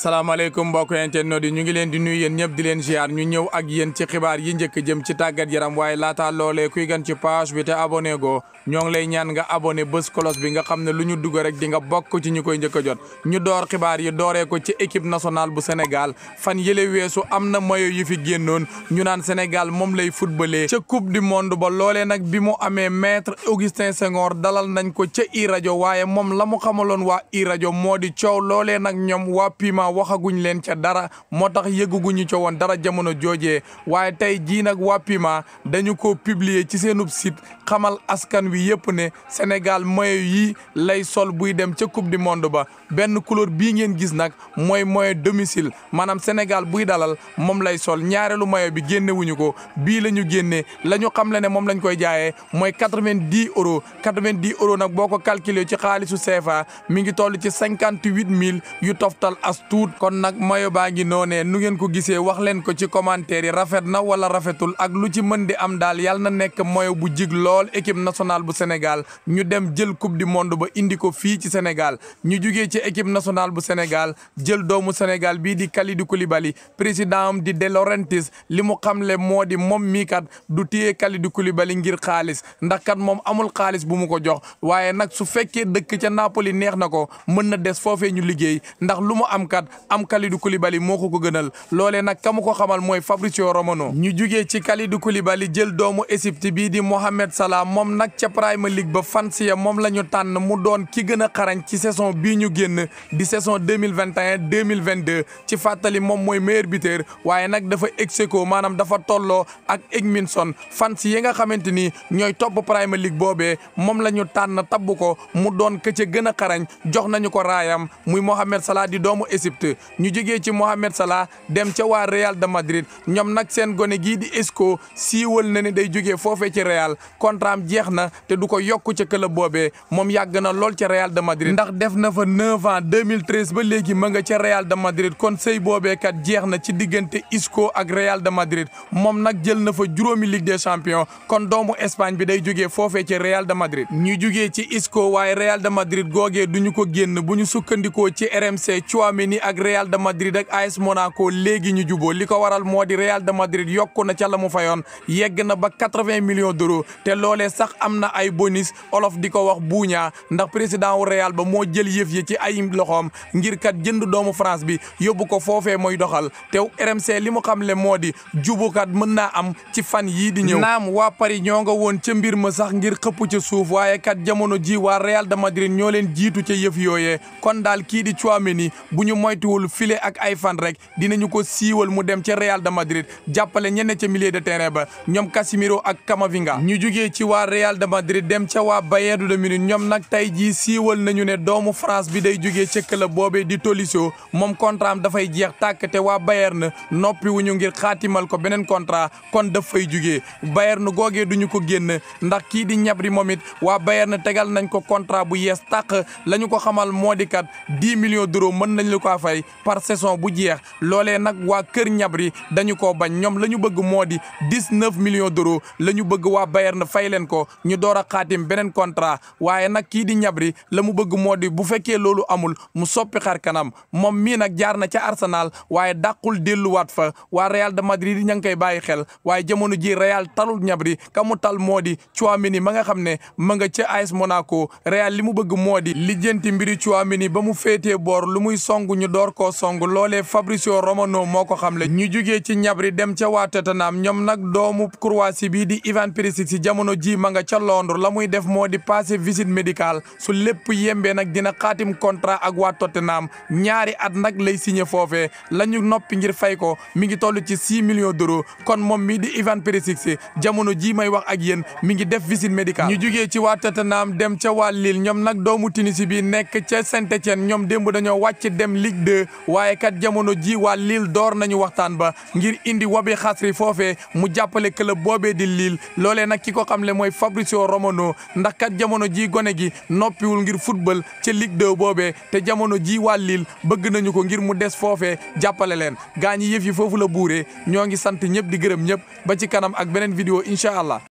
salaamaaleykum mbokk internautes yi ñu ngi leen di nuy yéen ñëpp di leen ziar ñu ñëw ak yéen ci xibaar yi njëkk jëm ci tàggat yaram waaye laata loolee kuy gan ci page bi te abonné go ñoo ngi lay ñaan nga abonné bés kolos bi nga xam ne lu ñu dugg rek di nga bokk ci ñu koy jëkk a jot ñu door xibaar yi dooree ko ci équipe nationale bu Sénégal fan yële weesu am na mayo yi fi génnoon ñu naan Sénégal moom lay footballé ca coupe du monde ba loolee nag bi mu amee maître Augustin Senghor dalal nañ ko ca i rajo waaye moom la mu xamaloon waa rajo moo di coow loolee nag ñoom pratiquement waxaguñ leen ca dara moo tax yëgguñu ca woon dara jamono joojee waaye tey jii nag waa Pima dañu ko publier ci seenub site xamal askan wi yëpp ne Sénégal maillot yi lay sol buy dem ca coupe du monde ba benn couleur bii ngeen gis nag mooy maillot domicile maanaam Sénégal buy dalal moom lay sol ñaareelu maillot bi génnewuñu ko bii la ñu génne la ñu xam le ne moom lañ koy jaayee mooy quatre-vingt-dix euros quatre nag boo ko calculer ci xaalisu CFA mi ngi toll ci cinquante-huit mille yu toftal astu tuut kon nag mayo baa ngi noonee nu ngeen ko gisee wax leen ko ci commentaire yi rafet na wala rafetul ak lu ci mën di am daal yàlla na nekk mayo bu jig lool équipe nationale bu Sénégal ñu dem jël coupe di monde ba indi ko fii ci Sénégal ñu jugee ci équipe nationale bu Sénégal jël doomu Sénégal bii di Kalidou Koulibaly président am di De Laurentiis li mu xam xamle moo di moom mii kat du téye Kalidou Koulibaly ngir xaalis ndax kat moom amul xaalis bu mu ko jox waaye nag su fekkee dëkk ca Napoli neex na ko mën na liggéey stade am Kalidou Koulibaly moo ko ko gënal loolee nag ka mu ko xamal mooy Fabrizio Romano ñu jugee ci Kalidou Koulibaly jël doomu Égypte bii di Mohamed Salah moom nag ca Premier League ba fans ya moom la ñu tànn mu doon ki gën a xarañ ci saison bii ñu génn di saison 2021 2022 ci fàttali moom mooy meilleur buteur waaye nag dafa ex aequo maanaam dafa tolloo ak Edminson fans yi nga xamante ni ñooy topp Premier League boobee moom la ñu tànn tabbu ko mu doon ka ca gën a ko raayam Egypte ñu jógee ci Mohamed Salah dem ca waa Real de Madrid ñoom nag seen gone gii di Isco siiwal na ne day jógee foofee ci Real contrat jeex na te du ko yokk ca club boobee moom yàgg na lool ca Real de Madrid. ndax def na fa 9 ans 2013 ba léegi ma nga ca Real de Madrid kon sëy boobee kat jeex na ci diggante isko ak Real de Madrid moom nag jël na fa juróomi Ligue des champions kon doomu Espagne bi day jógee foofee ci Real de Madrid. ñu jógee ci Isco waaye Real de Madrid googee duñu ko génn bu sukkandikoo ci RMC ak Real de Madrid ak AS Monaco léegi ñu juboo li ko waral moo di Real de Madrid yokku na ca la mu fayoon yegg na ba quatre-vingts millions d'euros te loolee sax am na ay bonis olof di ko wax buuñaa ndax président wu Real ba moo jël yëf yi ci ay loxoom ngir kat jënd doomu France bi yóbbu ko foofee mooy doxal te RMC li mu xamle moo di jubukat mën naa am ci fan yii di ñëw naam waa Paris ñoo nga woon ca mbir ma sax ngir xëpp ca suuf waaye kat jamono ji waa Real de Madrid ñoo leen jiitu ca yëf yooyee kon moytuwul file ak ay fan rek dinañu ko siiwal mu dem ca Real de Madrid jàppale ñenn ca milieu de terrain ba ñoom Casemiro ak Camavinga ñu jugee ci waa Real de Madrid dem ca waa Bayern de Munich ñoom nag tey jii siiwal nañu ne doomu France bi day jugee ca club boobe di Tolisso moom contrat am dafay jeex tàkk te waa Bayern noppi wuñu ngir xaatimal ko beneen contrat kon dafay jugee Bayern googee duñu ko génn ndax kii di ñabri moom it waa Bayern tegal nañ ko contrat bu yees tàq la ko xamal moo di laa fay par saison bu jeex loolee nag waa Kër Ñabri dañu ko bañ ñoom la ñu bëgg moo di dix-neuf millions d'euros la ñu bëgg waa Bayern fay leen ko ñu door a xaatim beneen contrat waaye nag kii di Ñabri la mu bëgg moo di bu fekkee loolu amul mu soppi xar kanam moom mii nag jaar na ca Arsenal waaye dellu waat fa waa Real de Madrid ña ngi koy bàyyi xel waaye jamono ji Real talul Ñabri ka mu tal moo di Tchouaméni ma nga xam ne ma nga ca AS Monaco Real li mu bëgg ñu door koo song loolee Fabrizio Romano moo ko xamle ñu jugee ci ñabri dem ca waa Tottenham ñoom nag doomu Croatie bii di Ivan si jamono ji ma nga ca Londres la muy def moo di passé visite médicale su lépp yembee nag dina xaatim contrat ak waa Tottenham ñaari at nag lay signé foofee la noppi ngir fay ko mi ngi toll ci six millions d'euros kon moom mii di Ivan Perisic si ji may wax ak yéen mi ngi def visite médicale ñu jugee ci waa Tottenham dem ca waa Lille ñoom nag doomu Tunisie bi nekk ca Saint-Étienne ñoom démb dañoo wàcc dem ligue Ligue waaye kat jamono ji waa Lille door nañu waxtaan ba ngir indi Wabi Xasri foofe mu jàppale club boobee di liil loolee nag ki ko xam le mooy Fabrizio Romano ndax kat jamono ji gone gi noppiwul ngir football ci lig 2 boobee te jamono ji waa Lille bëgg nañu ko ngir mu des foofee jàppale leen gaa ñi yëf yi foofu la buuree ñoo ngi sant ñëpp di gërëm ñëpp ba ci kanam ak beneen vidéo incha allah